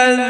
على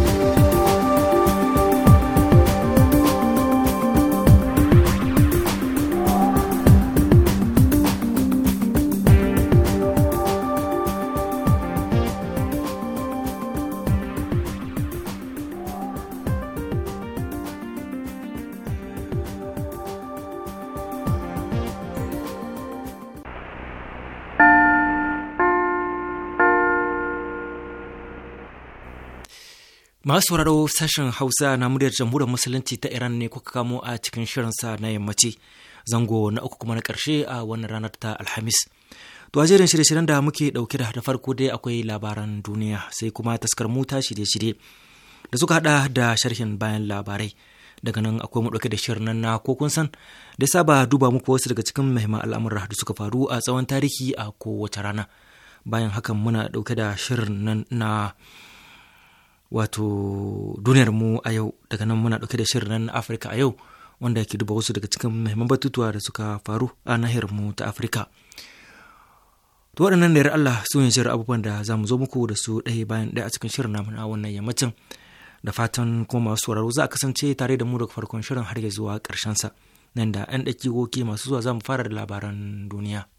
Masu sauraro sashen Hausa na muryar jamhuriyar Musulunci ta Iran ne kuka kamo a cikin shirinsa na yammaci. Zango na uku kuma na karshe a wannan ranar ta Alhamis. To a jerin shirye-shiryen da muke dauke da da farko dai akwai labaran duniya sai kuma taskar mota shirye-shirye da suka hada da sharhin bayan labarai. Daga nan akwai mu dauke da shirin nan na ko kun san da saba duba muku wasu daga cikin muhimman al'amura da suka faru a tsawon tarihi a kowace rana. Bayan hakan muna dauke da shirin nan na wato duniyar mu a yau daga nan muna dauke da shirin nan Afirka a yau wanda ke duba wasu daga cikin muhimman batutuwa da suka faru a nahiyar mu ta Afirka. To waɗannan da Allah su ne shirin abubuwan da za mu zo muku da su ɗaya bayan ɗaya a cikin shirin namu na wannan yammacin da fatan kuma masu sauraro za a kasance tare da mu daga farkon shirin har ya zuwa ƙarshen sa nan da 'yan ɗaki masu zuwa za mu fara da labaran duniya.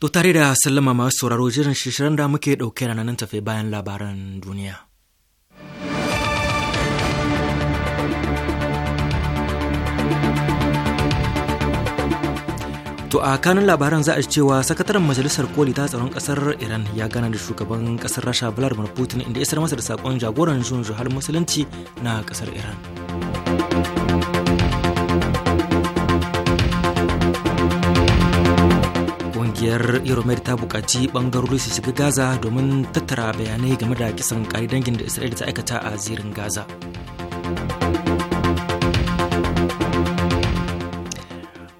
To tare da sallama masu sauraro jiran shirin da muke ɗauke na nan tafe bayan labaran duniya. To a kanin labaran za a cewa sakataren majalisar koli ta tsaron kasar Iran ya gana da shugaban kasar Rasha Vladimir Putin inda isar masa da sakon jagoran zuwan har musulunci na kasar Iran. Ƙungiyar Euromed ta bukaci ɓangarori su shiga Gaza domin tattara bayanai game da kisan kari dangin da Isra'ila ta aikata a zirin Gaza.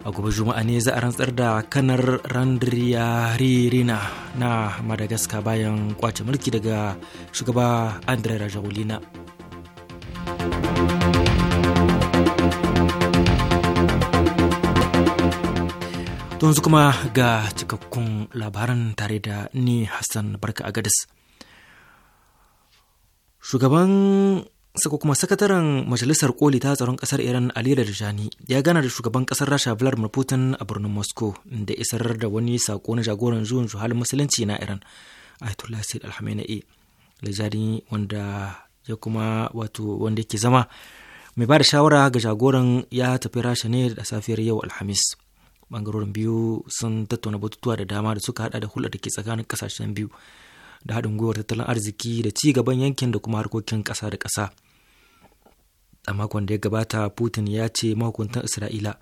a gobe juma'a ne za a rantsar da kanar randriya ririna na madagascar bayan kwace mulki daga shugaba andre rajaulina yanzu kuma ga cikakkun labaran tare da ni Hassan Barka a Gadis. Shugaban saka kuma sakataren Majalisar Koli ta tsaron kasar Iran Ali Rajani ya gana da shugaban kasar Rasha Vladimir Putin a birnin Moscow da isar da wani sako na jagoran zuwan juhalin musulunci na Iran Ayatollah Said Al-Khamenei. wanda ya kuma wato wanda ke zama mai ba da shawara ga jagoran ya tafi Rasha ne da safiyar yau Alhamis. bangarorin biyu sun tattauna batutuwa da dama da suka hada da hulɗar da ke tsakanin kasashen biyu da haɗin gwiwar tattalin arziki da ci gaban yankin da kuma harkokin ƙasa da ƙasa a makon da ya gabata putin ya ce mahukuntan isra'ila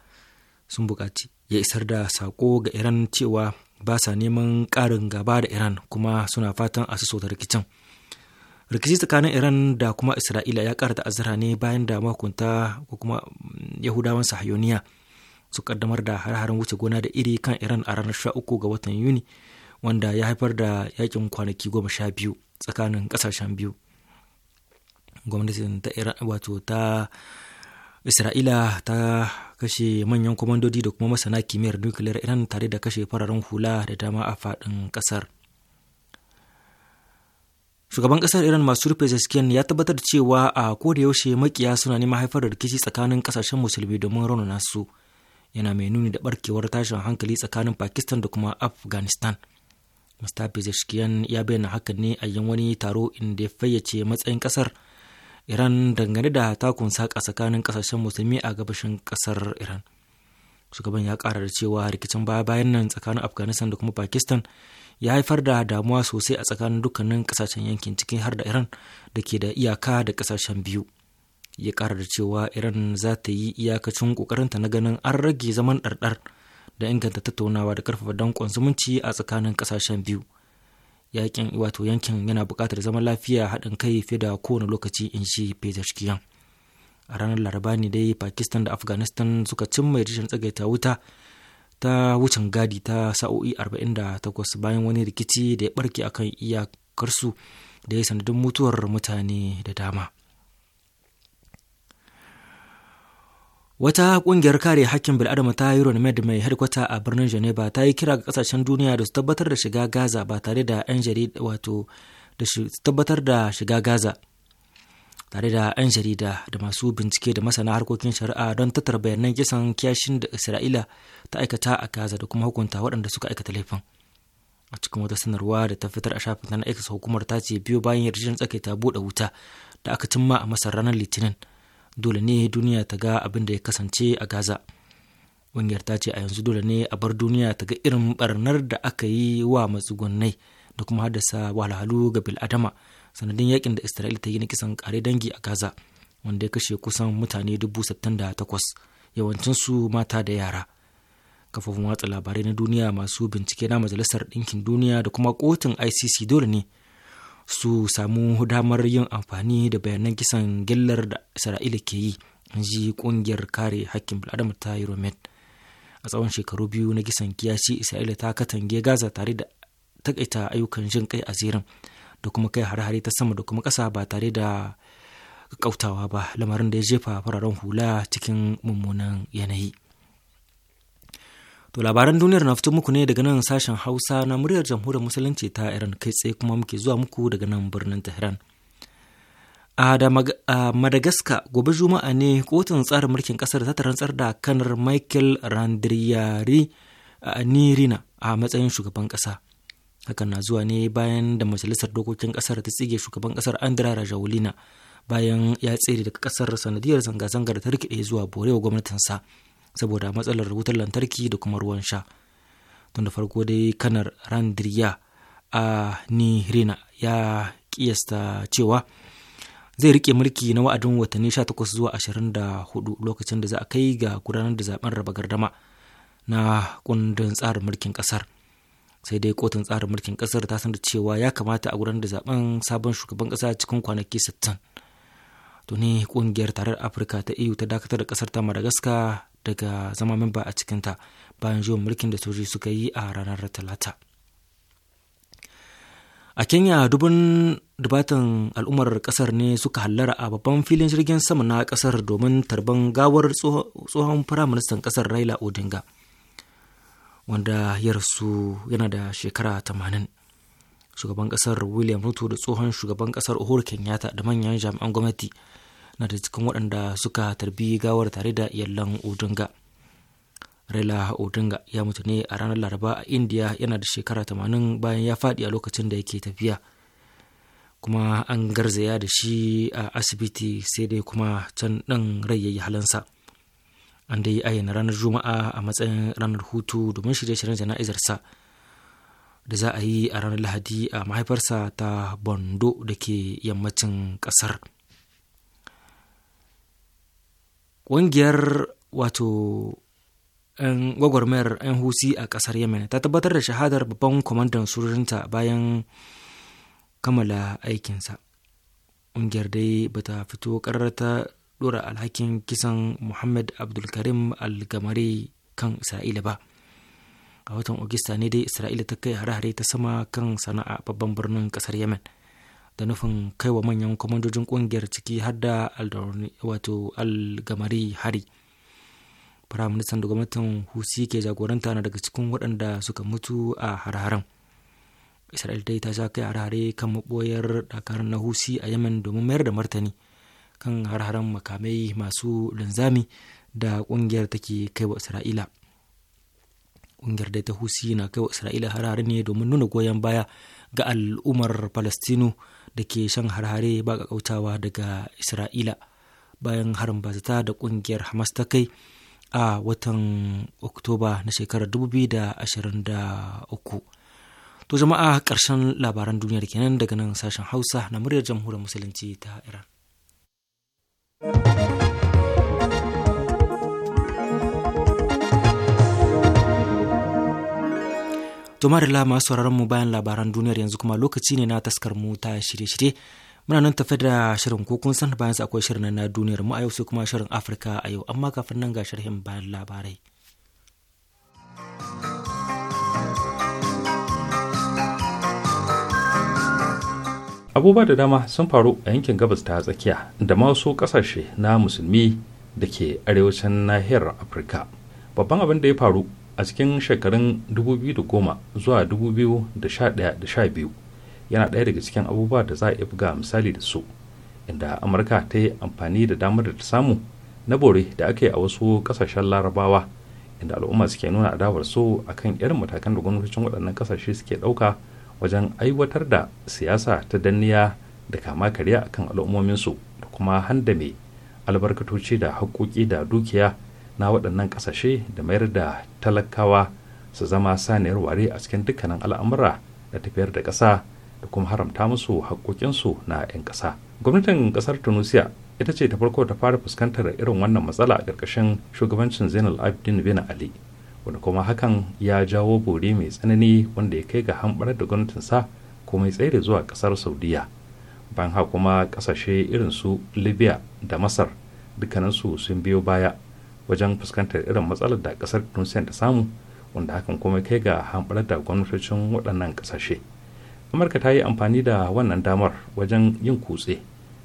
sun buƙaci ya isar da sako ga iran cewa ba sa neman ƙarin gaba da iran kuma suna fatan a su rikicin rikici tsakanin iran da kuma isra'ila ya ƙara ta'azzara ne bayan da mahukunta ko kuma yahudawan sahayoniya su kaddamar da har wuce gona da iri kan iran a ranar 13 ga watan yuni wanda ya haifar da yakin kwanaki goma sha biyu tsakanin kasashen biyu gwamnatin ta iran wato ta isra'ila ta kashe manyan kwamandodi da kuma masana kimiyyar nukiliyar iran tare da kashe fararen hula da dama a faɗin ƙasar shugaban ƙasar iran masu rufe zaskiyan ya tabbatar cewa a koda yaushe makiya suna neman haifar da rikici tsakanin kasashen musulmi domin raunana su yana mai nuni da barkewar tashin hankali tsakanin pakistan da kuma afghanistan mr pezeshkian ya bayyana hakan ne a yin wani taro inda ya fayyace matsayin kasar iran dangane da takun saƙa tsakanin kasashen musulmi a gabashin kasar iran shugaban ya ƙara da cewa rikicin baya bayan nan tsakanin afghanistan da kuma pakistan ya haifar da damuwa sosai a tsakanin dukkanin kasashen yankin ciki har da iran da ke da iyaka da kasashen biyu ya ƙara da cewa iran za ta yi iyakacin ƙoƙarinta na ganin an rage zaman ɗarɗar da inganta tattaunawa da ƙarfafa danƙon zumunci a tsakanin ƙasashen biyu yakin wato yankin yana buƙatar zaman lafiya haɗin kai fiye da kowane lokaci in shi pezeshkiyan a ranar laraba ne dai pakistan da afghanistan suka cimma rishin tsagaita wuta ta wucin gadi ta sa'o'i 48 bayan wani rikici da ya barke akan iyakarsu da ya sanadin mutuwar mutane da dama Wata ƙungiyar kare hakkin bil'adama ta Euromed mai harkwata a birnin Geneva ta yi kira ga ƙasashen duniya da su tabbatar da shiga Gaza ba tare da 'yan jarida wato da su tabbatar da shiga Gaza tare da 'yan jarida da masu bincike da masana harkokin shari'a don tattara bayanan kisan kiyashin da Isra'ila ta aikata a Gaza da kuma hukunta waɗanda suka aikata laifin. A cikin wata sanarwa da ta fitar a shafin na hukumar ta ce biyo bayan yarjejeniyar tsakaita buɗe wuta da aka cimma a Masar ranar Litinin. dole ne duniya ta ga abin da ya kasance a gaza ƙungiyar ta ce a yanzu dole ne a bar duniya ta ga irin barnar da aka yi wa matsugunnai da kuma haddasa wahalhalu ga bil'adama sanadin yakin da isra'ila ta yi na kisan kare dangi a gaza wanda ya kashe kusan mutane dubu sittin da takwas yawancinsu mata da yara kafofin watsa labarai na duniya masu bincike na majalisar ɗinkin duniya da kuma kotun icc dole ne su samu damar yin amfani da bayanan kisan gillar da isra'ila ke yi in ji kungiyar kare hakkin bil'adama ta euromed a tsawon shekaru biyu na kisan kiyashi isra'ila ta katange gaza tare da takaita ayyukan jin kai a zirin da kuma kai hare-hare ta sama da kuma ƙasa ba tare da kautawa ba lamarin da ya jefa fararen hula cikin mummunan yanayi To labaran duniyar na fito muku ne daga nan sashen Hausa na muryar jamhuriyar musulunci ta Iran kai tsaye kuma muke zuwa muku daga nan birnin Tehran. A Madagascar gobe Juma'a ne kotun tsarin mulkin kasar ta rantsar da kanar Michael Randriyari Nirina a matsayin shugaban kasa. Hakan na zuwa ne bayan da majalisar dokokin kasar ta tsige shugaban kasar Andra Rajaulina bayan ya tsere daga kasar sanadiyar zanga-zangar ta rikide zuwa borewa gwamnatinsa. sa. saboda matsalar wutar lantarki da kuma ruwan sha tun da farko dai kanar randiriya a nihirina ya kiyasta cewa zai rike mulki na wa'adin watanni 18 zuwa 24 lokacin da za a kai ga gudanar da zaben raba gardama na kundin tsarin mulkin kasar sai dai kotun tsarin mulkin kasar ta san da cewa ya kamata a gudanar da zaben sabon shugaban kasa cikin kwanaki 60 tuni kungiyar tarar afirka ta eu ta dakatar da kasar ta madagascar daga zama memba a cikinta bayan juyin mulkin da sojoji suka yi a ranar talata a kenya dubun dubatan al'ummar kasar ne suka hallara a babban filin jirgin sama na kasar domin tarban gawar tsohon firaministan kasar raila odinga wanda ya rasu yana da shekara tamanin. shugaban kasar william ruto da tsohon shugaban kasar uhuru kenyatta da manyan jami'an gwamnati na da cikin waɗanda suka tarbi gawar tare da iyalan odinga raila odinga ya mutu ne a ranar laraba a indiya yana da shekara tamanin bayan ya faɗi a lokacin da yake tafiya kuma an garzaya da shi a asibiti sai dai kuma can ɗan rai ya yi halansa an dai ayyana ranar juma'a a matsayin ranar hutu domin shirye-shiryen jana'izarsa da za a yi a ranar lahadi a mahaifarsa ta bondo da ke yammacin ƙasar. ƙungiyar wato 'yan gwagwarmayar 'yan husi a ƙasar yemen ta tabbatar da shahadar babban kwamandan sojojinta bayan kammala aikinsa ƙungiyar dai ba ta fito ƙarar ta ɗora alhakin kisan muhammad abdulkarim al Al-Gamari kan isra'ila ba a watan Ogista ne dai Isra'ila ta kai hare-hare ta sama kan sana'a babban birnin ƙasar Yemen. da nufin kaiwa manyan kwamandojin kungiyar ciki har da wato algamari hari firaministan da gwamnatin husi ke jagoranta na daga cikin waɗanda suka mutu a har-haren isra'il dai ta sha kai har-hare kan maɓoyar ɗakar na husi a yemen domin mayar da martani kan har makamai masu linzami da ƙungiyar take kaiwa isra'ila ƙungiyar dai ta husi na kaiwa isra'ila har-hare ne domin nuna goyon baya ga al'ummar palestinu da ke shan harhare ba ƙaƙautawa daga isra'ila bayan harin bazata da ƙungiyar hamas ta kai a watan oktoba na shekarar 2023 to jama'a ƙarshen labaran duniyar kenan daga nan sashen hausa na muryar jamhuriyar musulunci ta iran To marilla masu sauraron mu bayan labaran duniyar yanzu kuma lokaci ne na taskar mu ta shirye-shirye. Muna nan tafe da shirin ko kun san bayan akwai shirin na duniyar mu a yau sai kuma shirin Afirka a yau amma kafin nan ga sharhin bayan labarai. Abubuwa da dama sun faru a yankin gabas ta tsakiya da masu kasashe na musulmi da ke arewacin nahiyar Afirka. Babban abin da ya faru a cikin shekarun 2010 zuwa 2011-12 yana ɗaya daga cikin abubuwa da za a iya buga misali da su inda amurka ta yi amfani da damar da ta samu na bore da aka yi a wasu kasashen larabawa inda al'umma suke nuna adawar su kan irin matakan da gwamnatocin waɗannan ƙasashe suke ɗauka wajen aiwatar da siyasa ta danniya da kama karya akan al'ummominsu da kuma handame albarkatoci da haƙoƙi da dukiya na waɗannan ƙasashe da mayar da talakawa su zama saniyar ware a cikin dukkanin al'amura da tafiyar da ƙasa da kuma haramta musu haƙoƙinsu na 'yan ƙasa gwamnatin ƙasar tunisia ita ce ta farko ta fara fuskantar irin wannan matsala a ƙarƙashin shugabancin zainal abidin bin ali wanda kuma hakan ya jawo bore mai tsanani wanda ya kai ga hambar da gwamnatinsa kuma ya tsere zuwa ƙasar saudiya bayan haka kuma ƙasashe irin su libya da masar dukkaninsu sun biyo baya wajen fuskantar irin matsalar da kasar tunisia ta samu wanda hakan kuma kai ga hambar da gwamnatocin waɗannan ƙasashe amurka ta yi amfani da wannan damar wajen yin kutse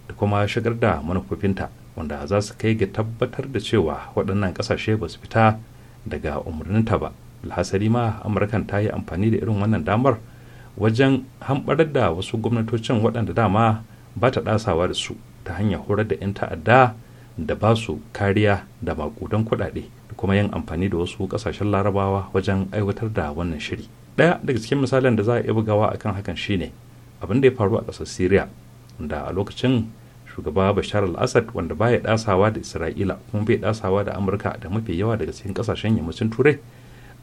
da kuma shigar da manufofinta wanda za su kai ga tabbatar da cewa waɗannan ƙasashe ba su fita daga umarninta ba alhasari ma amurkan ta yi amfani da irin wannan damar wajen hamɓarar da wasu gwamnatocin waɗanda dama ba ta ɗasawa da su ta hanyar horar da 'yan ta'adda da ba su kariya da makudan kuɗaɗe da kuma yin amfani da wasu ƙasashen larabawa wajen aiwatar da wannan shiri ɗaya daga cikin misalin da za a iya bugawa akan hakan shine abin da ya faru a ƙasar syria da a lokacin shugaba bashar al-assad wanda baya ɗasawa da isra'ila kuma bai ɗasawa da amurka da mafi yawa daga cikin ƙasashen yammacin turai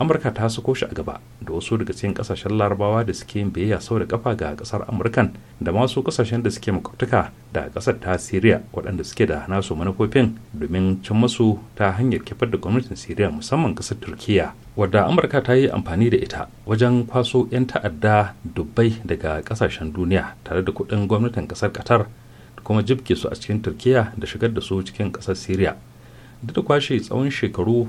amurka ta sako shi a gaba da wasu daga cikin kasashen larabawa da suke yin biyayya sau da kafa ga kasar amurkan da masu kasashen da suke makwabtaka da kasar ta syria waɗanda suke da nasu manufofin domin cin masu ta hanyar kifar da gwamnatin syria musamman kasar turkiya wadda amurka ta yi amfani da ita wajen kwaso 'yan ta'adda dubbai daga kasashen duniya tare da kuɗin gwamnatin kasar qatar da kuma jibge su a cikin turkiya da shigar da su cikin kasar syria duk da kwashe tsawon shekaru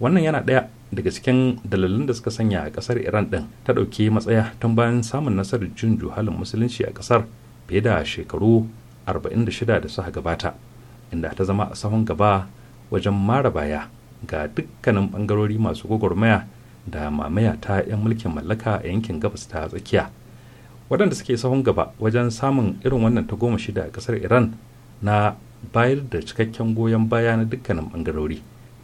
wannan yana daya daga cikin dalilin da suka sanya a kasar iran ɗin ta ɗauki matsaya tun bayan samun nasarar jin juhalin musulunci a kasar fiye da shekaru 46 da suka gabata inda ta zama a sahun gaba wajen mara baya ga dukkanin bangarori masu gwagwarmaya da mamaya ta 'yan mulkin mallaka a yankin gabas ta tsakiya waɗanda suke sahun gaba wajen samun irin wannan ta goma shida a kasar iran na bayar da cikakken goyon baya na dukkanin bangarori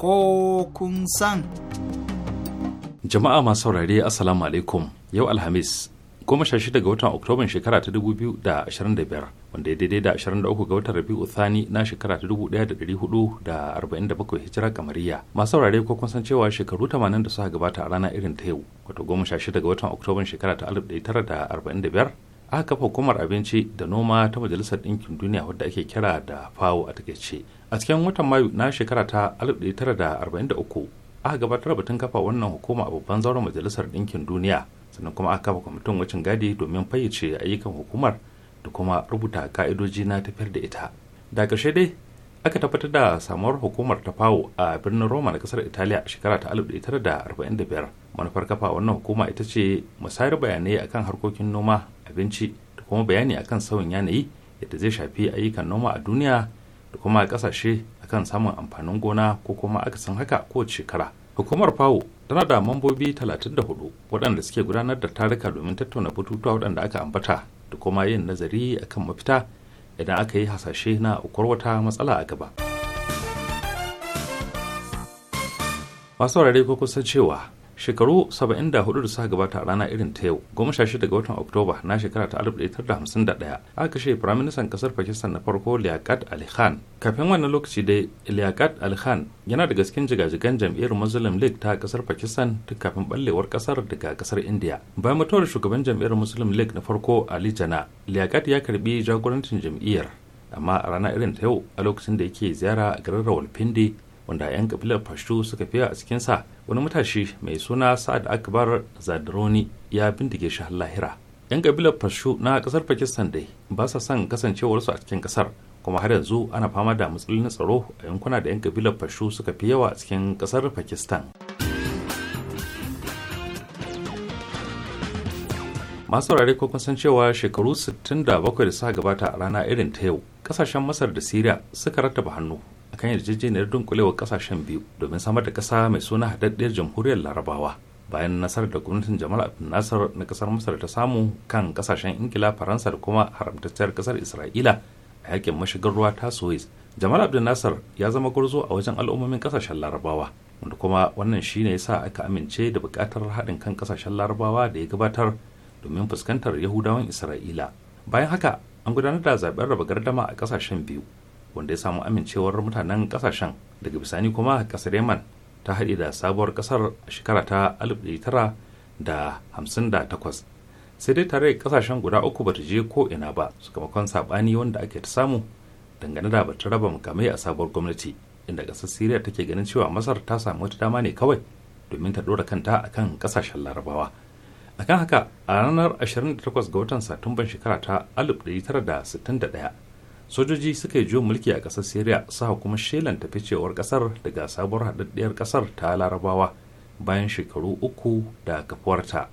ko kun san. Jama'a masu saurare Assalamu alaikum yau Alhamis goma sha shida ga watan Oktoban shekara ta dubu biyu da ashirin da biyar wanda ya daidai da ashirin da uku ga watan Rabi'u Thani na shekara ta dubu ɗaya da ɗari hudu da arba'in da bakwai hijira kamariya masu saurare ko kun san cewa shekaru tamanin da suka gabata a rana irin ta yau wato goma sha shida ga watan Oktoban shekara ta alif ɗaya tara da arba'in da biyar aka kafa hukumar abinci da noma ta majalisar ɗinkin duniya wadda ake kira da fawo a takaice a cikin watan mayu na shekara ta 1943 aka gabatar batun kafa wannan hukuma a babban zauren majalisar ɗinkin duniya sannan kuma aka kafa kwamitin wucin gadi domin fayyace ayyukan hukumar da kuma rubuta ka'idoji na tafiyar da ita da ƙarshe dai aka tabbatar da samuwar hukumar ta fawo a birnin roma na kasar italiya a shekara ta 1945 manufar kafa wannan hukuma ita ce musayar bayanai akan harkokin noma abinci da kuma bayani akan sauyin yanayi yadda zai shafi ayyukan noma a duniya da kuma kasashe akan samun amfanin gona ko kuma akasin haka kowace shekara hukumar fawo tana da mambobi 34 waɗanda suke gudanar da tarika domin tattauna batutuwa waɗanda aka ambata da kuma yin nazari akan mafita idan aka yi hasashe na ukwar wata matsala a gaba masu ko kusan cewa shekaru 74 da da suka gabata a rana irin ta yau goma sha shida ga watan oktoba na shekara ta alif da hamsin ɗaya aka kashe firaministan kasar pakistan na farko liaqat ali khan kafin wannan lokaci dai liaqat ali khan yana daga cikin jigajigan jam'iyyar muslim league ta kasar pakistan tun kafin ballewar kasar daga kasar india bayan mutuwar shugaban jam'iyyar muslim league na farko ali jana liaqat ya karbi jagorancin jam'iyyar amma a rana irin ta yau a lokacin da yake ziyara a garin rawalpindi wanda 'yan kabilar fashu suka fiya a cikinsa wani matashi mai suna sa'ad akbar zadroni ya bindige shi lahira 'yan kabilar pashto na kasar pakistan dai ba sa son kasancewarsu a cikin kasar kuma har yanzu ana fama da matsalolin tsaro a yankuna da 'yan kabilar fashu suka fi yawa a cikin kasar pakistan masu saurare ko kun san cewa shekaru 67 da suka gabata a rana irin ta yau kasashen masar da syria suka rattaba hannu kan yarjejeniyar dunkulewar kasashen biyu domin samar da kasa mai suna hadaddiyar jamhuriyar larabawa bayan nasarar da gwamnatin jamal abdul nasar na kasar masar ta samu kan kasashen ingila faransa da kuma haramtacciyar kasar isra'ila a yakin mashigar ruwa ta suez jamal abdul nasar ya zama gwarzo a wajen al'ummomin kasashen larabawa wanda kuma wannan shi shine sa aka amince da bukatar haɗin kan kasashen larabawa da ya gabatar domin fuskantar yahudawan isra'ila bayan haka an gudanar da zaɓen raba gardama a kasashen biyu wanda ya samu amincewar mutanen kasashen daga bisani kuma kasar yaman ta haɗe da sabuwar kasar a shekara ta 1958 sai dai tare kasashen guda uku ba ta je ko ina ba sakamakon saɓani wanda ake ta samu dangane da bata raba mukamai a sabuwar gwamnati inda ƙasar siriya take ganin cewa masar ta samu wata dama ne kawai domin ta ɗora kanta a kan kasashen larabawa akan haka a ranar 28 ga watan satumban shekara ta 1961 sojoji suka yi juyin mulki a ƙasar syria suka kuma shelanta cewar ƙasar daga sabuwar haɗaɗɗiyar ƙasar ta larabawa bayan shekaru uku da kafuwarta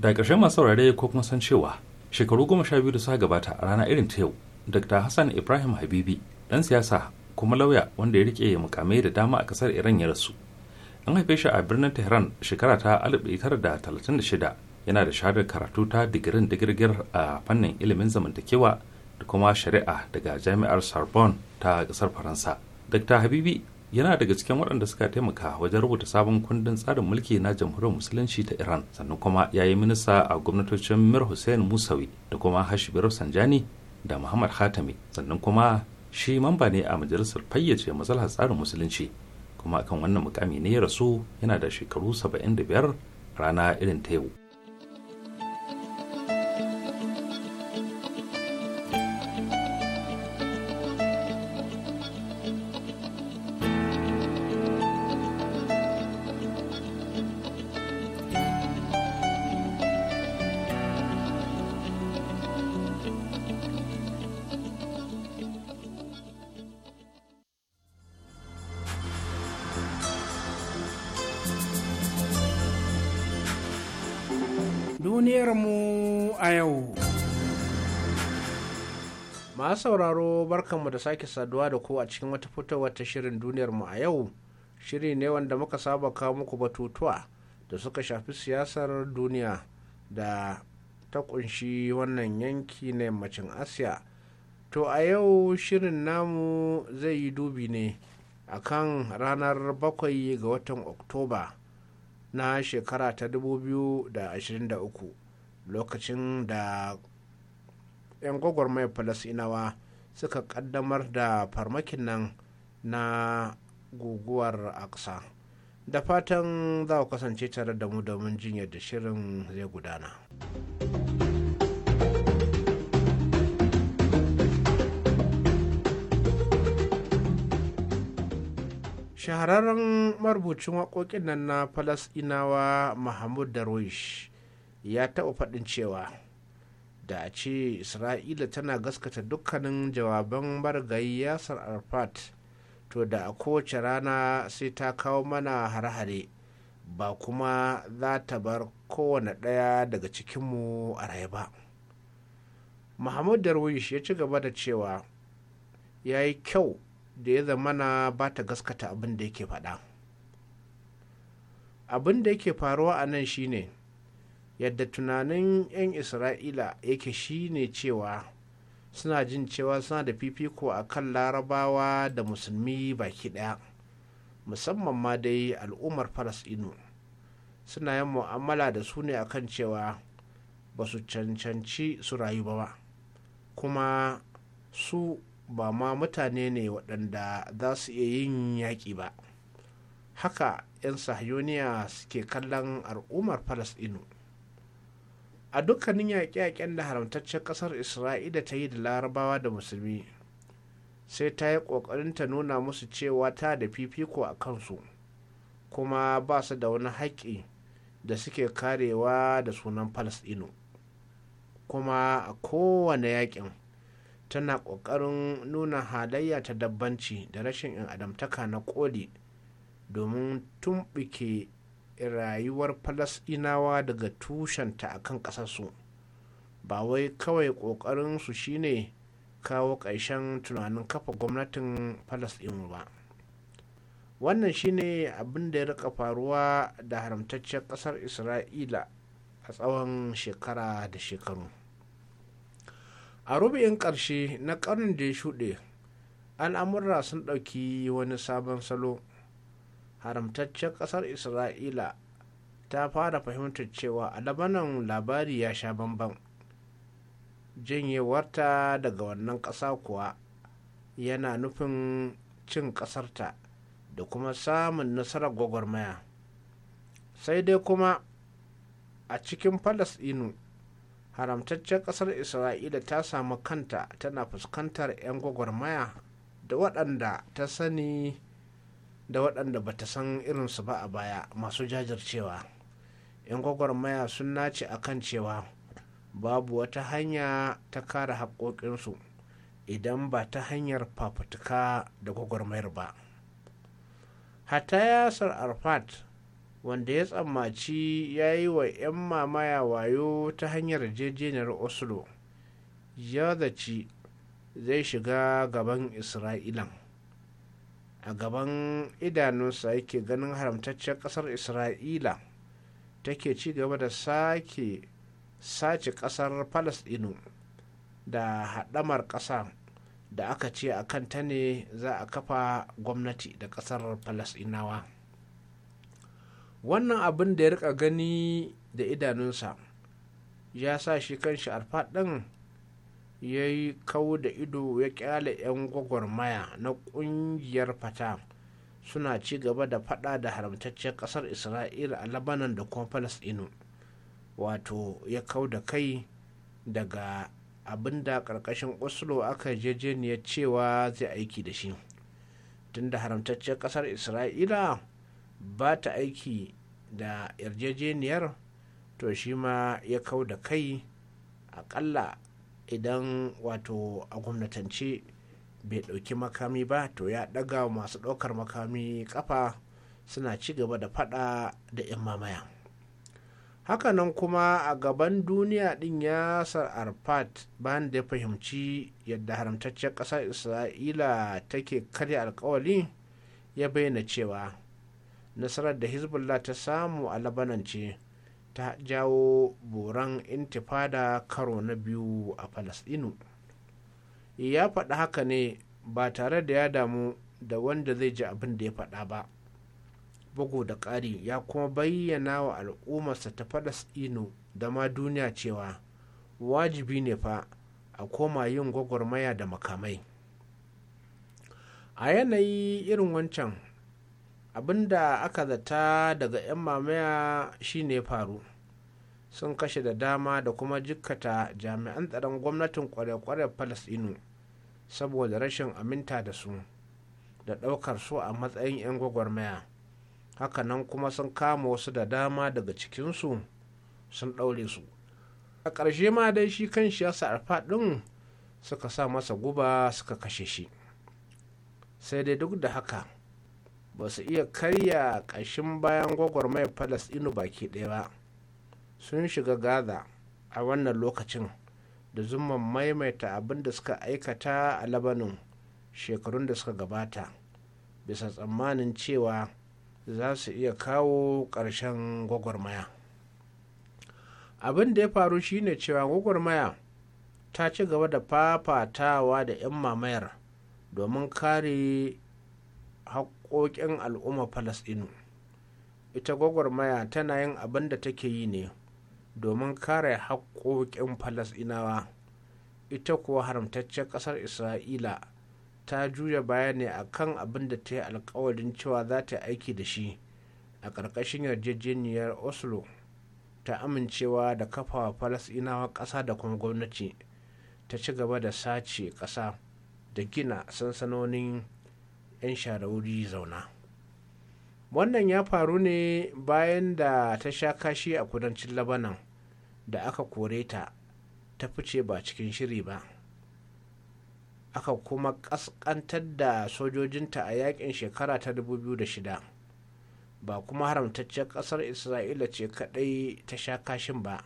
da ƙarshen masu saurare ko kuma san cewa shekaru goma sha biyu da suka gabata a rana irin ta yau dr hassan ibrahim habibi ɗan siyasa kuma lauya wanda ya rike mukamai da dama a ƙasar iran ya rasu an haife shi a birnin tehran shekara ta 1936 yana da shafin karatu ta digirin digirgir a fannin ilimin zamantakewa da kuma shari'a daga jami'ar sorbonne ta kasar faransa dr habibi yana daga cikin waɗanda suka taimaka wajen rubuta sabon kundin tsarin mulki na jamhuriyar musulunci ta iran sannan kuma ya yi minista a gwamnatocin mir hussein musawi da kuma hashibir sanjani da muhammad hatami sannan kuma shi mamba ne a majalisar fayyace matsalar tsarin musulunci kuma akan wannan mukami ne ya rasu yana da shekaru 75 rana irin ta yau sauraro barkanmu da sake saduwa da ku a cikin wata fitowar ta shirin duniyar mu a yau shiri ne wanda muka saba kawo muku batutuwa da suka shafi siyasar duniya da ta kunshi wannan yanki na yammacin asiya to a yau shirin namu zai yi dubi ne a kan ranar bakwai ga watan oktoba na shekara ta 2023 lokacin da 'yan gwagwarmayar falasinawa suka kaddamar da farmakin nan na guguwar aksa da fatan za ku kasance tare da mu domin jin da shirin zai gudana shahararren marubucin waƙoƙin nan na falasinawa mahmud darwish ya taɓa faɗin cewa da a ce isra'ila tana gaskata dukkanin jawaban margayi yasar arfat to da a kowace rana sai ta kawo mana hare-hare ba kuma za ta bar kowane ɗaya daga cikinmu a rai ba muhammad darwish ya ci gaba da cewa ya yi kyau da ya zamana ba ta gaskata abin da yake faɗa abin da yake faruwa a nan shine ne yadda tunanin 'yan isra'ila yake shine cewa suna jin cewa suna da fifiko a kan larabawa da musulmi baki ɗaya musamman ma dai al'ummar faras falasɗinu suna yin mu'amala da su ne akan cewa ba su cancanci su rayu ba ba kuma su ba ma mutane ne waɗanda za su iya yin yaƙi ba haka 'yan sahiyoniya suke kallon al'ummar faras falasɗinu a dukkanin yaƙe-yaƙen da haramtaccen ƙasar isra'ila ta yi da larabawa da musulmi sai ta yi ƙoƙarin ta nuna musu cewa ta da fifiko a kansu kuma ba su da wani haƙƙi da suke karewa da sunan falasɗinu kuma a kowane yaƙin tana ƙoƙarin nuna halayya ta dabbanci da rashin in adamtaka na ƙoli domin tumɓuke rayuwar falasɗinawa daga tushenta a kan ƙasarsu ba wai kawai ƙoƙarinsu shine kawo ƙarshen tunanin kafa gwamnatin falasɗinu ba wannan shine abin da ya rika faruwa da haramtaccen ƙasar isra'ila a tsawon shekara da shekaru a rub'in ƙarshe na ƙarnin da ya shuɗe al'amurra sun ɗauki wani sabon salo haramtaccen ƙasar isra'ila ta fara fahimtar cewa a labanan labari ya sha bamban janyewarta daga wannan ƙasa kuwa yana nufin cin ƙasarta da kuma samun nasarar gwagwarmaya sai dai kuma a cikin falasɗinu haramtaccen ƙasar isra'ila ta samu kanta tana fuskantar 'yan gwagwarmaya da waɗanda ta sani da waɗanda ba ta san irinsu ba a baya masu jajircewa yan gwagwarmaya sun nace a kan cewa babu wata hanya ta kare haƙoƙinsu idan ba ta hanyar fafutuka da gwagwarmayar ba hatta yasar arfat wanda ya tsammaci ya yi wa 'yan mamaya wayo ta hanyar jejeniyar oslo ya zaci zai shiga gaban isra'ilan a gaban idanunsa yake ganin haramtaccen ƙasar isra'ila take ci gaba da sake sace ƙasar palestino da haɗamar ƙasa da aka ce a ta ne za a kafa gwamnati da ƙasar palestinawa wannan abin da ya rika gani da idanunsa ya sa shi kan shi alfaɗin ya yi kau da ido ya kyale 'yan gwagwarmaya na kungiyar fata suna ci gaba da fada da haramtacciyar kasar isra'ila a labanan da kuma palestino wato ya kau da kai daga abin da karkashin oslo aka jejeniyar cewa zai aiki da shi tunda haramtacciyar kasar isra'ila ba ta aiki da yarjejeniyar to shi ma ya kau da kai akalla idan wato a gwamnatance bai ɗauki makami ba to ya ɗaga masu ɗaukar makami kafa suna ci gaba da faɗa da 'yan mamaya hakanan kuma a gaban duniya ɗin sar arfat bayan da ya fahimci yadda haramtacciyar ƙasar isra'ila take karya alkawali ya bayyana cewa nasarar da hezbollah ta samu a labanan ce ta jawo boran intifada karo na biyu a falasdinu ya faɗi haka ne ba tare da ya damu da wanda zai ji abin da ya faɗa ba bugu da ƙari ya kuma bayyana wa al'ummarsa ta falasdinu da ma duniya cewa wajibi ne fa a koma yin gwagwarmaya da makamai a yanayi irin wancan Abin da aka zata daga 'yan mamaya shine faru sun kashe da dama da kuma jikkata jami'an tsaron gwamnatin kware-kware saboda rashin aminta da su da ɗaukar su a matsayin 'yan gwagwarmaya hakanan kuma sun kama wasu da dama daga cikinsu sun ɗaure su a ƙarshe ma dai shi kan shi yasa arfa ɗin suka sa masa guba suka kashe shi sai dai duk da haka ba su iya karya ƙashin bayan gwagwarmayar inu baki ɗaya ba sun shiga gaza a wannan lokacin da zuma maimaita abin da suka aikata a labanin shekarun da suka gabata bisa tsammanin cewa za su iya kawo ƙarshen gwagwarmaya abin da ya faru shine cewa gwagwarmaya ta ci gaba da fafatawa da 'yan mamayar domin kare haƙoƙin al'umma falasɗinu ita gwagwarmaya tana yin abin da take yi ne domin kare haƙoƙin falasɗinawa ita kuwa haramtaccen ƙasar isra'ila ta juya baya ne a kan abin da ta yi alkawarin cewa za ta aiki da shi a ƙarƙashin yarjejeniyar oslo ta amincewa da kafawa falasɗinawa ƙasa da kuma gwamnati ta ci gaba da sace ƙasa da gina sansanonin 'yan share zauna wannan ya faru ne bayan da ta sha kashi a kudancin labanan da aka kore ta ta fice ba cikin shiri ba aka kuma ƙasƙantar da sojojinta a yaƙin shekara ta 2006 ba kuma haramtaccen ƙasar isra'ila ce kaɗai ta sha kashin ba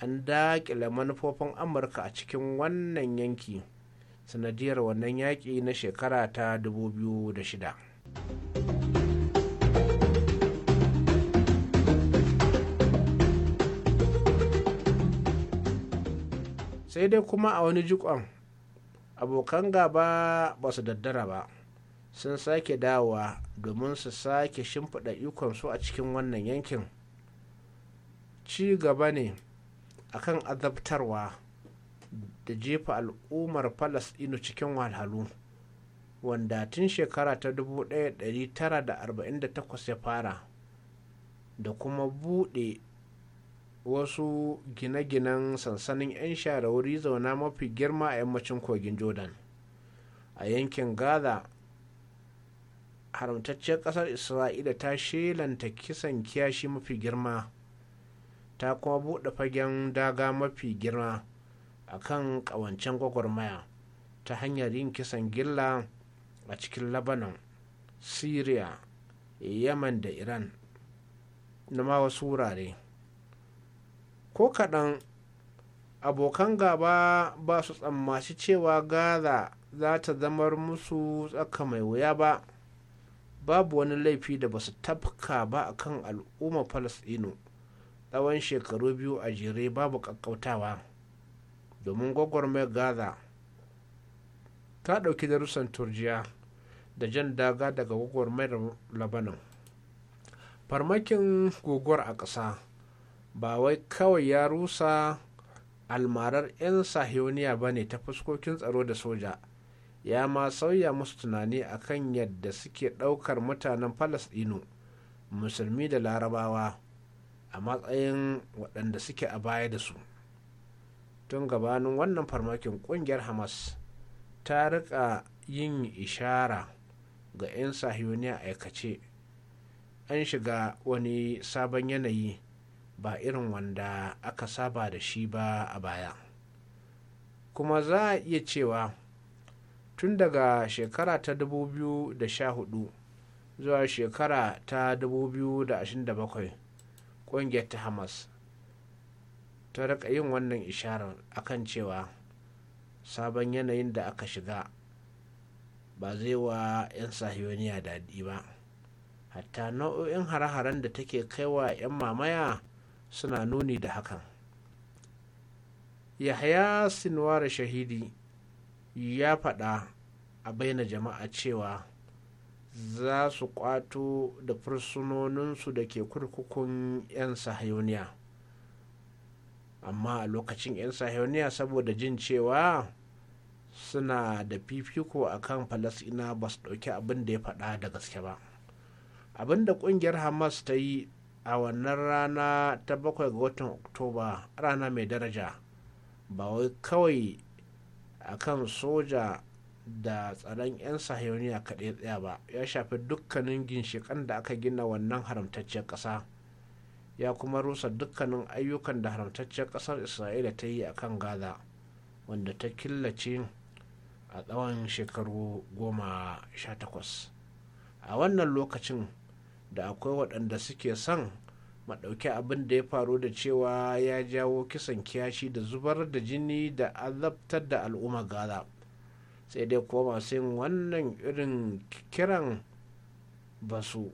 an daƙile manufofin amurka a cikin wannan yanki sanadiyar wannan yaƙi na shekara ta 2006 sai dai kuma a wani jikon abokan gaba ba su daddara ba sun sake dawowa domin su sake shimfiɗa ikon su a cikin wannan yankin ci gaba ne akan azabtarwa da jefa al'ummar falasɗinu cikin walhalu wanda tun shekara ta 1948 ya fara da kuma buɗe wasu gine-ginen sansanin 'yan share wuri zauna mafi girma a yammacin kogin jordan a yankin gaza haramtacciyar ƙasar isra'ila ta shelanta kisan kiyashi mafi girma ta kuma buɗe fagen daga mafi girma a kan ƙawancen gwagwarmaya ta hanyar yin kisan gilla a cikin labanon syria yaman da iran na ma wasu wurare ko kaɗan abokan gaba ba su tsammaci cewa gaza za ta zamar musu tsaka mai wuya ba babu wani laifi da ba su tafka ba a kan al'ummar falasɗinu tsawon shekaru biyu a jere babu ƙaƙƙautawa. domin gwagwarmayar gaza ta ɗauki darussan turjiya da jan daga daga gwagwarmayar labanan farmakin guguwar a ƙasa ba wai kawai ya rusa almarar 'yan sahiyoniya ba ne ta fuskokin tsaro da soja ya ma sauya musu tunani a kan yadda suke ɗaukar mutanen falasɗinu musulmi da larabawa a matsayin waɗanda suke a baya da su tun gabanin wannan farmakin kungiyar hamas ta rika yin ishara ga 'yan sahiyoniya aikace an shiga wani sabon yanayi ba irin wanda aka saba da shi ba a baya kuma za a iya cewa tun daga shekara ta 2014 zuwa shekara ta 2027 ƙungiyar ta hamas ta rika yin wannan isharar akan cewa sabon yanayin da aka shiga ba zai wa 'yan sahiyoniya daɗi ba hatta nau'o'in hare-haren da take kaiwa 'yan mamaya suna nuni da hakan yahaya sinuware shahidi ya faɗa a baina jama'a cewa za su kwato da fursunoninsu da ke kurkukun 'yan sahayoniya amma a lokacin 'yan sahiyoniya saboda jin cewa suna da fifiko a kan falasina ba su ɗauki abin da ya faɗa da gaske ba abin da ƙungiyar hamas ta yi a wannan rana ta bakwai ga watan oktoba rana mai daraja ba wai kawai a kan soja da tsaron 'yan sahiyoniya kaɗai tsaya ba ya shafi dukkanin ginshiƙan da aka gina wannan haramtacciyar ƙasa ya kuma rusa dukkanin ayyukan da haramtacciyar ƙasar isra'ila ta yi a kan gaza wanda ta killace a tsawon shekaru goma sha takwas a wannan lokacin da akwai waɗanda suke son maɗauki abin da ya faru da cewa ya jawo kisan kiyashi da zubar da jini da azabtar da al'umma gaza sai dai kuma masu yin wannan irin kiran basu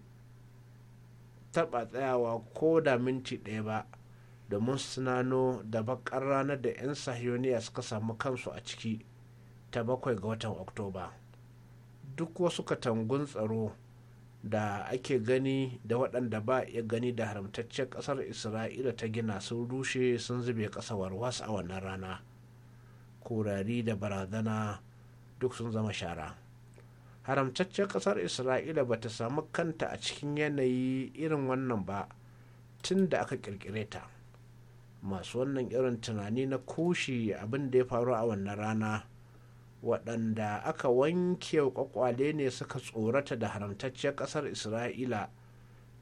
taba tsayawa ko da minti ɗaya ba domin sunano da bakar ranar da 'yan sahiyoniya suka samu kansu a ciki ta bakwai ga watan oktoba duk wasu katangun tsaro da ake gani da waɗanda ba iya gani da haramtacciyar ƙasar isra'ila ta gina sun rushe sun zube ƙasawar wasu a wannan rana kurari da barazana duk sun zama shara. haramtaccen kasar isra'ila ba ta samu kanta a cikin yanayi irin wannan ba tun da aka kirkire ta masu wannan irin tunani na kushi abin da ya faru a wannan rana waɗanda aka wanke kwakwale ne suka tsorata da haramtacciyar kasar isra'ila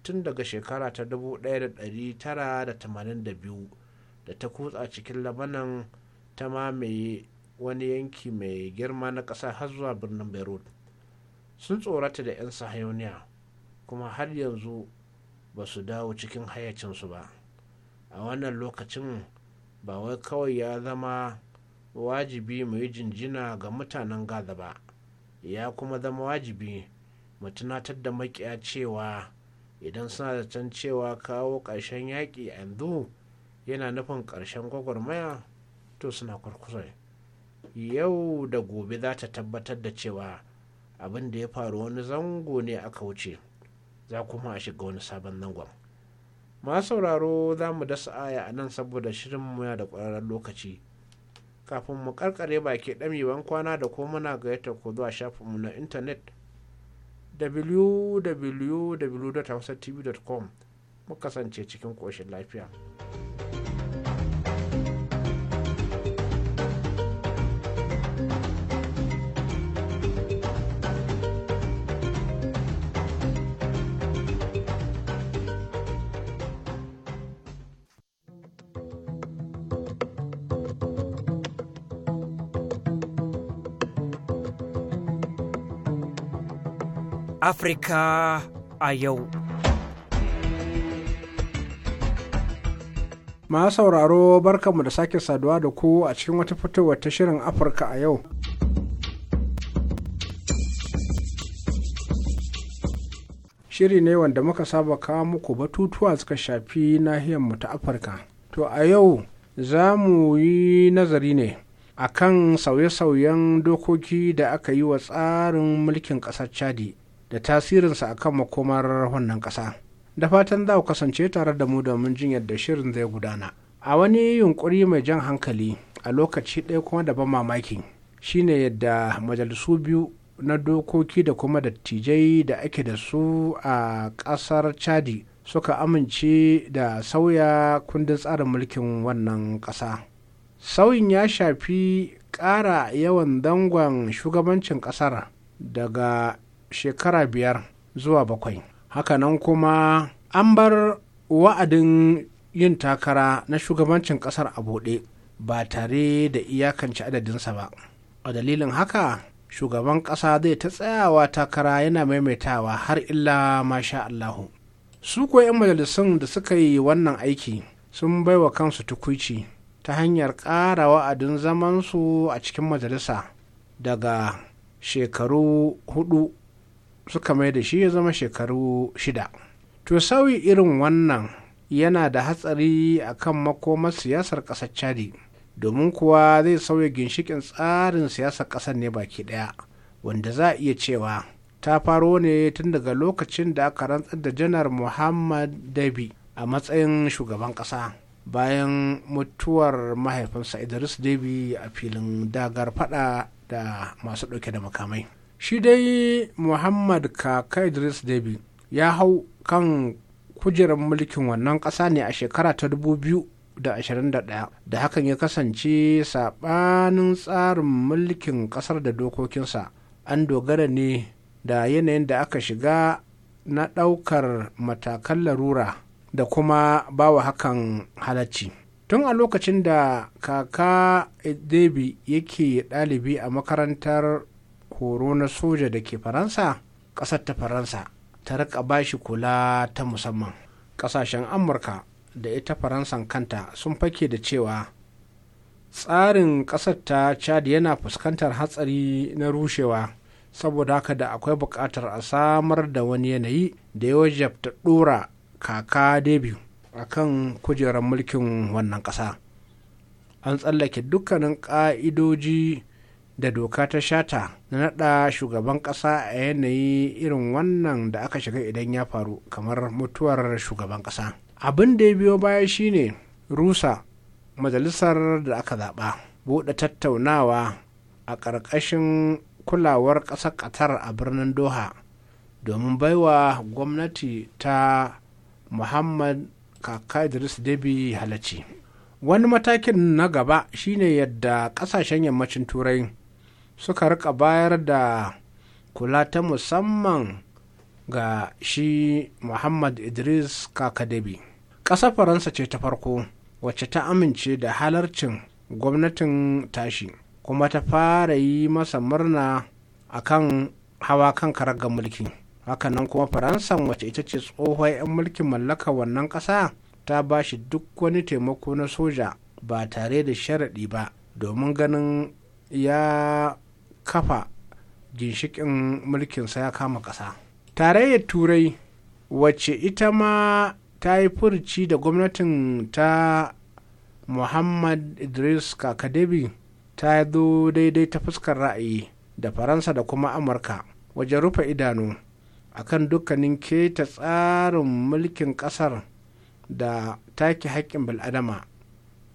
tun daga shekara ta 1982 da ta kutsa cikin labanan ta mamaye wani yanki mai girma na ƙasa har zuwa birnin beirut sun tsorata da 'yan sahayoniya kuma har yanzu ba su dawo cikin hayyacinsu ba a wannan lokacin ba wai kawai ya zama wajibi mu yi jinjina ga mutanen gaza ba ya kuma zama wajibi mu tunatar da makiya cewa idan suna da can cewa kawo ƙarshen yaƙi a yanzu yana nufin ƙarshen gwagwarmaya to suna kurkusa yau da gobe za ta tabbatar da cewa abin da ya faru wani zango ne aka wuce za kuma a shiga wani sabon zangon ma sauraro za mu dasa aya a nan saboda shirin muna da ƙwararren lokaci kafin mu karkare baki ɗamewan kwana da ko muna gayyata ko zuwa shafinmu na intanet www.hausatv.com mu kasance cikin ƙoshin lafiya. Afirka a yau. Ma sauraro barkanmu da sake saduwa da ku a cikin wata fitowar ta shirin Afirka a yau. Shiri ne wanda muka saba kawo muku batutuwa suka shafi nahiyarmu ta Afirka. To a yau za mu yi nazari ne a kan sauye-sauyen dokoki da aka yi wa tsarin mulkin ƙasar Chadi da tasirinsa a kan makomar wannan ƙasa. Da fatan za ku kasance tare da mu domin jin yadda shirin zai gudana. A wani yunƙuri mai jan hankali a lokaci ɗaya kuma da ban mamaki shine yadda majalisu biyu na dokoki da kuma dattijai da ake da su a ƙasar Chadi suka amince da sauya kundin tsarin mulkin wannan ƙasa. Sauyin ya shafi ƙara yawan dangon shugabancin ƙasar daga shekara biyar zuwa bakwai hakanan kuma an bar wa'adin yin takara na shugabancin kasar a buɗe ba tare da iyakance adadinsa ba a dalilin haka shugaban ƙasa zai ta tsayawa takara yana maimaitawa har illa masha Allahu. Su kuwa 'yan majalisun da suka yi wannan aiki sun baiwa kansu tukuici ta hanyar ƙara wa'adin zamansu a cikin majalisa daga shekaru hudu suka mai da shi ya zama shekaru shida to sauyi irin wannan yana da hatsari a kan makomar siyasar ƙasar chadi domin kuwa zai sauya ginshikin tsarin siyasar ƙasar ne baki ɗaya wanda za a iya cewa ta faro ne tun daga lokacin da aka rantsar da janar muhammad dabi a matsayin shugaban ƙasa bayan mutuwar mahaifinsa idris dabi a filin dagar fada da masu ɗauke da makamai shi dai muhammad kaka idris debi ya hau kan kujerar mulkin wannan ƙasa ne a shekara ta 2021 da hakan ya kasance saɓanin tsarin mulkin ƙasar da dokokinsa an dogara ne da yanayin da aka shiga na ɗaukar matakan larura da kuma bawa hakan halacci tun a lokacin da kaka debi yake ɗalibi a makarantar horo na soja da ke faransa ƙasar ta faransa ta rika bashi kula ta musamman ƙasashen amurka da ita faransan kanta sun fake da cewa tsarin ƙasar ta chad yana fuskantar hatsari na rushewa saboda haka da akwai buƙatar a samar da wani yanayi da ya wajabta ɗora kaka debi a kan kujerar mulkin wannan ƙasa an tsallake dukkanin ƙa'idoji da doka ta shata na naɗa shugaban ƙasa a yanayi irin wannan da aka shiga idan ya faru kamar mutuwar shugaban ƙasa abin da ya biyo baya shine rusa majalisar da aka zaɓa buɗe tattaunawa a ƙarƙashin kulawar ƙasar qatar a birnin doha domin baiwa gwamnati ta muhammad kaka idris debi halacci wani matakin na gaba shine yadda ƙasashen yammacin turai suka rika bayar da kula ta musamman ga shi muhammad idris kakadebi Ƙasa faransa ce ta farko wacce ta amince da halarcin gwamnatin tashi kuma ta fara yi masa murna a kan hawa kan karagar mulki hakanan kuma faransa wacce ita ce tsohon 'yan mulkin mallaka wannan ƙasa ta ba shi duk wani taimako na soja ba tare da sharaɗi ba domin ganin ya kafa ginshikin mulkinsa ya kama ƙasa tarayyar turai wacce ita ma ta yi furci da gwamnatin ta muhammad idris kakadebi ta zo daidai ta fuskar ra'ayi da faransa da kuma amurka wajen rufe idanu akan dukkanin keta tsarin mulkin ƙasar da take haƙƙin bil'adama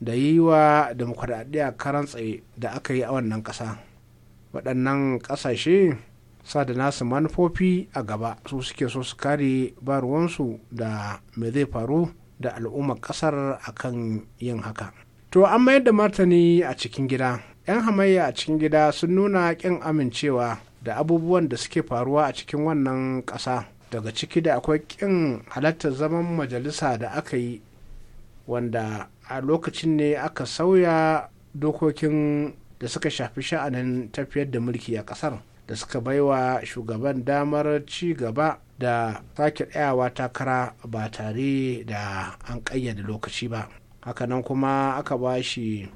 da yi wa demokuraɗiyya karan tsaye da aka yi a wannan ƙasa. waɗannan ƙasashe sa da nasu manufofi a gaba su suke so su kare baruwansu da me zai faru da al'ummar ƙasar a kan yin haka to an mayar da martani a cikin gida 'yan hamayya a cikin gida sun nuna ƙin amincewa da abubuwan da suke faruwa a cikin wannan ƙasa daga ciki da akwai ƙin halartar zaman majalisa da aka yi wanda a lokacin ne aka sauya dokokin da suka shafi sha'anin tafiyar da mulki a kasar da suka baiwa shugaban damar ci gaba da sake tsayawa takara ba tare da an ƙayyade lokaci ba hakanan kuma aka ba shi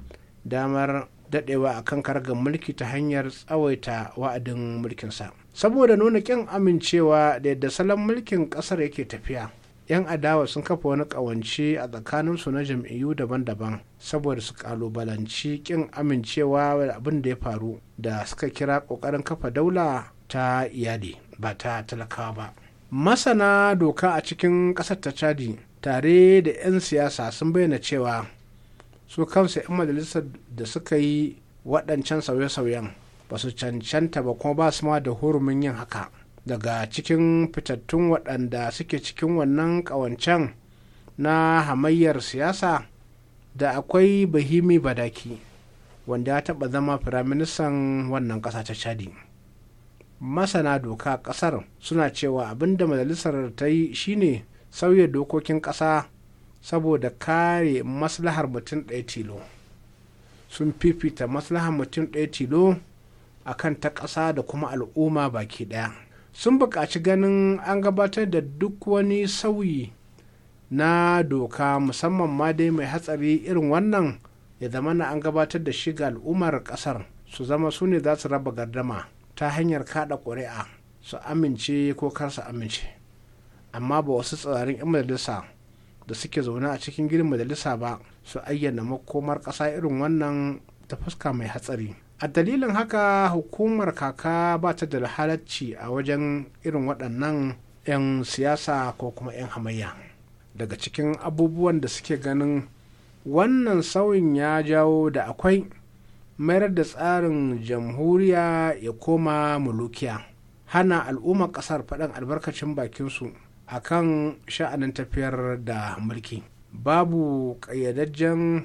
damar daɗewa a kan kargar mulki ta hanyar tsawaita wa'adin mulkinsa saboda nuna kin amincewa da yadda salon mulkin kasar yake tafiya 'yan adawa sun kafa wani ƙawance a tsakaninsu na jam'iyyu daban-daban saboda su kalubalanci ƙin amincewa da abin da ya faru da suka kira ƙoƙarin kafa daula ta iyali ba ta talakawa ba masana doka a cikin ƙasar ta chadi tare da 'yan siyasa sun bayyana cewa su kansu 'yan majalisar da suka yi waɗancan sauye-sauyen ba su cancanta ba kuma ba su ma da hurumin yin haka daga cikin fitattun waɗanda suke cikin wannan ƙawancen na hamayyar siyasa da akwai bahimi badaki wanda ya taɓa zama firaministan wannan ƙasa ta chadi masana doka ƙasar suna cewa abin da majalisar ta yi shine sauya dokokin ƙasa saboda kare maslahar mutum ɗaya tilo sun fifita maslahar mutum ɗaya tilo a kan ta ƙasa da kuma al'umma baki ɗaya sun buƙaci ganin an gabatar da duk wani sauyi na doka musamman ma dai mai hatsari irin wannan ya zama na an gabatar da shi ga al'ummar ƙasar su zama su ne za su raba gardama ta hanyar kaɗa ƙuri'a su amince ko kar su amince amma ba wasu tsirarin 'yan majalisa da suke zaune a cikin gidan majalisa ba su ayyana makomar ƙasa irin wannan ta fuska mai hatsari a dalilin haka hukumar kaka ba ta da halacci a wajen irin waɗannan 'yan siyasa ko kuma 'yan hamayya daga cikin abubuwan da suke ganin wannan sauyin ya jawo da akwai mayar da tsarin jamhuriya ya koma mulukiya hana al'ummar ƙasar faɗin albarkacin bakinsu a kan sha'anin tafiyar da mulki babu ƙayyadajjen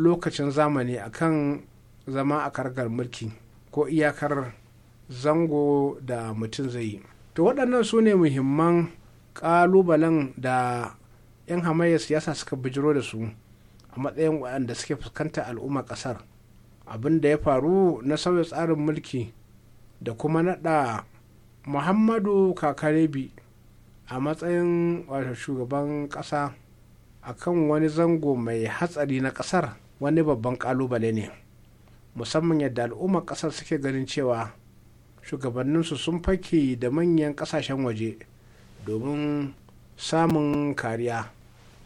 lokacin zamani a akan zama a kargar mulki ko iyakar zango da mutum zai yi to waɗannan su ne muhimman ƙalubalen da 'yan hamayya siyasa suka bijiro da su a matsayin waɗanda suke fuskanta al'umma ƙasar abin da ya faru na sauya tsarin mulki da kuma naɗa muhammadu kakarebi a matsayin wato shugaban ƙasa a kan wani zango mai hatsari na ƙasar wani babban ƙalubale ne musamman yadda al'ummar ƙasar suke ganin cewa shugabanninsu sun fake da manyan ƙasashen waje domin samun kariya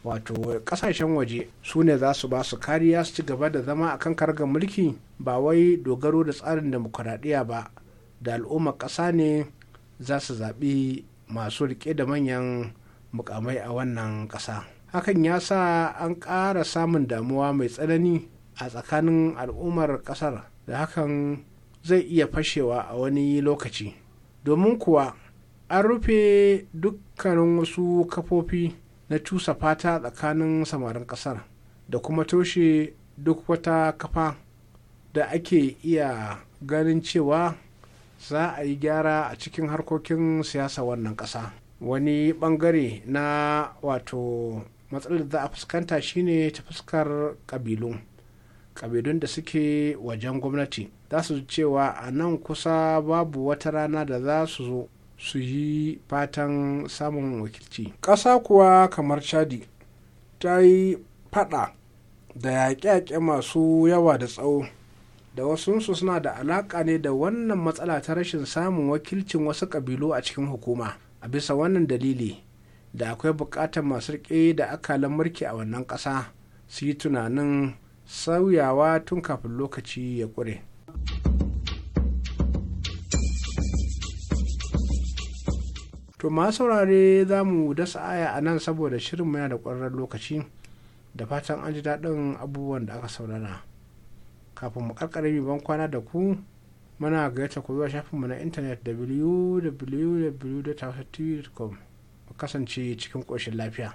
wato ƙasashen waje su ne za su ba su kariya su ci gaba da zama a kan kargar mulki ba wai dogaro da tsarin demokuraɗiyya ba da al'ummar ƙasa ne za su zaɓi masu riƙe da manyan mukamai a wannan ƙasa hakan ya sa an ƙara samun damuwa mai tsanani a tsakanin al'ummar kasar da hakan zai iya fashewa a wani lokaci domin kuwa an rufe dukkanin wasu kafofi na cusa fata tsakanin samarin kasar da kuma toshe duk wata kafa da ake iya ganin cewa za a yi gyara a cikin harkokin siyasa wannan ƙasa wani bangare na wato matsalar da a fuskanta shine ta fuskar ƙabilu kabilun da suke wajen gwamnati za su cewa a nan kusa babu wata rana da za su zo su yi fatan samun wakilci ƙasa kuwa kamar chadi ta yi fada da yaƙe-yaƙe masu yawa da tsawo da wasunsu suna da alaƙa ne da wannan matsala ta rashin samun wakilcin wasu ƙabilu a cikin hukuma a bisa wannan dalili da akwai buƙatar masu riƙe da akalan mulki a wannan ƙasa su yi tunanin sauyawa tun kafin lokaci ya ƙure. To ma saurare za mu dasa aya a nan saboda shirin yana da ƙwararren lokaci da fatan an ji daɗin abubuwan da aka saurara. Kafin mu ƙarƙare ban kwana da ku muna gayyata ku zuwa shafinmu na intanet www.tv.com mu kasance cikin ƙoshin lafiya.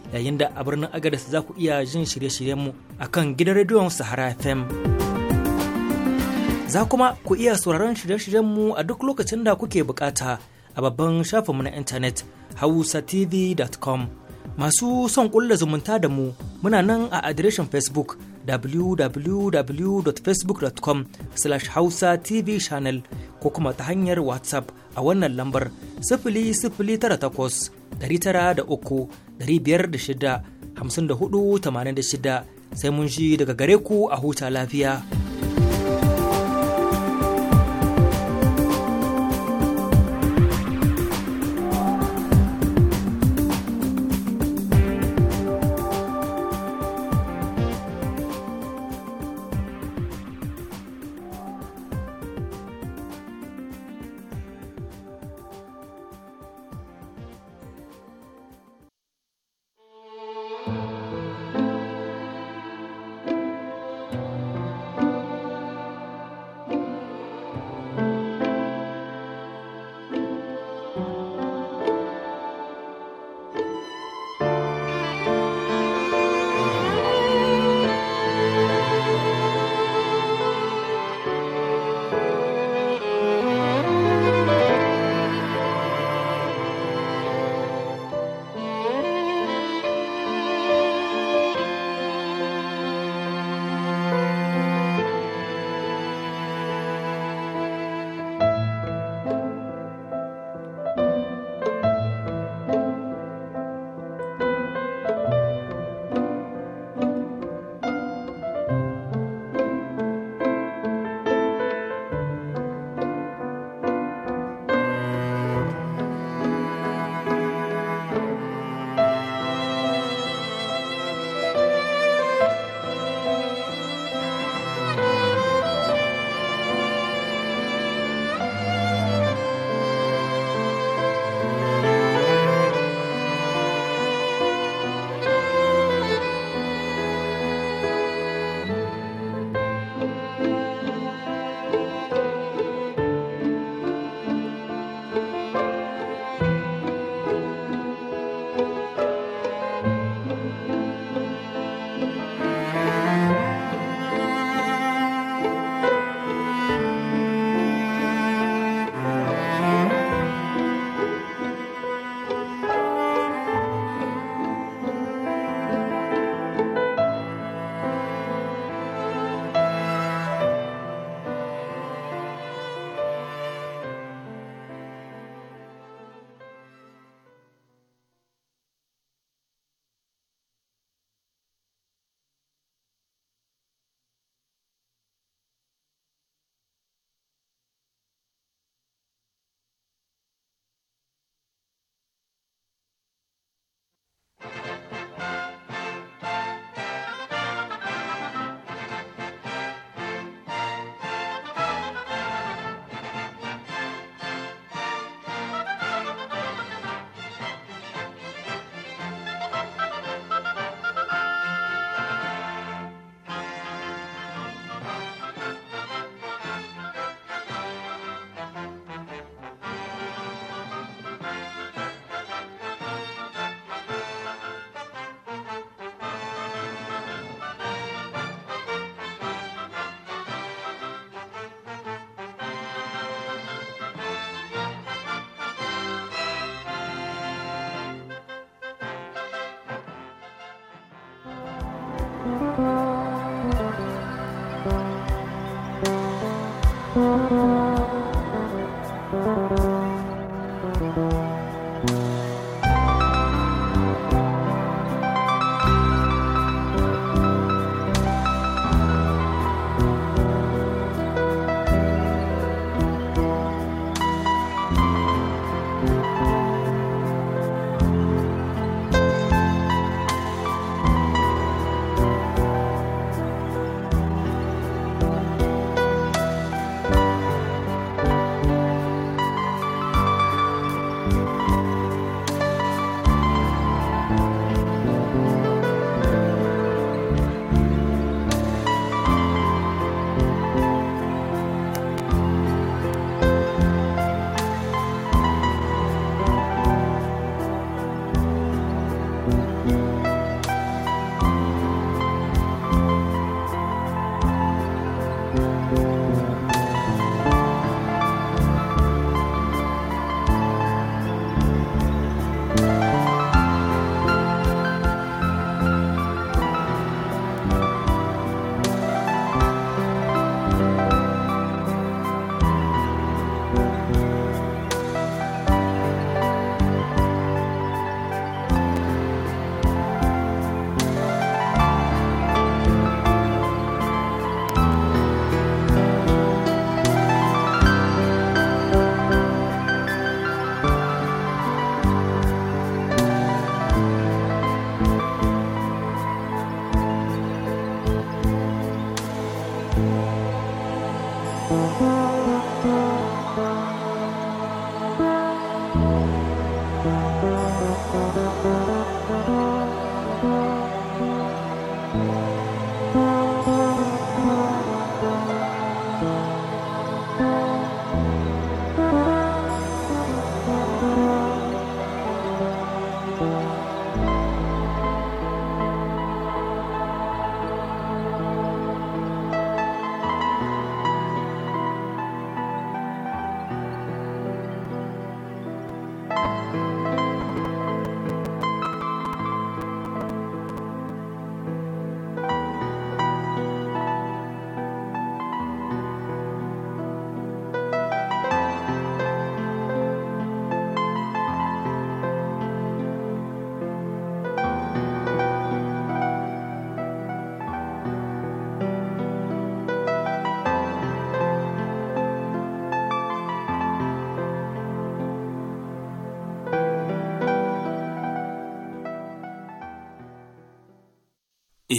yayin da a birnin agadas za ku iya jin shirye-shiryenmu a kan gidan rediyon sahara fm za kuma ku iya sauraron shirye-shiryenmu a duk lokacin da kuke bukata a babban shafinmu na intanet hausatv.com masu son kulla zumunta da mu muna nan a adireshin facebook www.facebook.com slash hausa tv channel ko kuma ta hanyar whatsapp a wannan lambar da uku. 506 86 sai mun shi daga gare ku a huta lafiya. Thank you.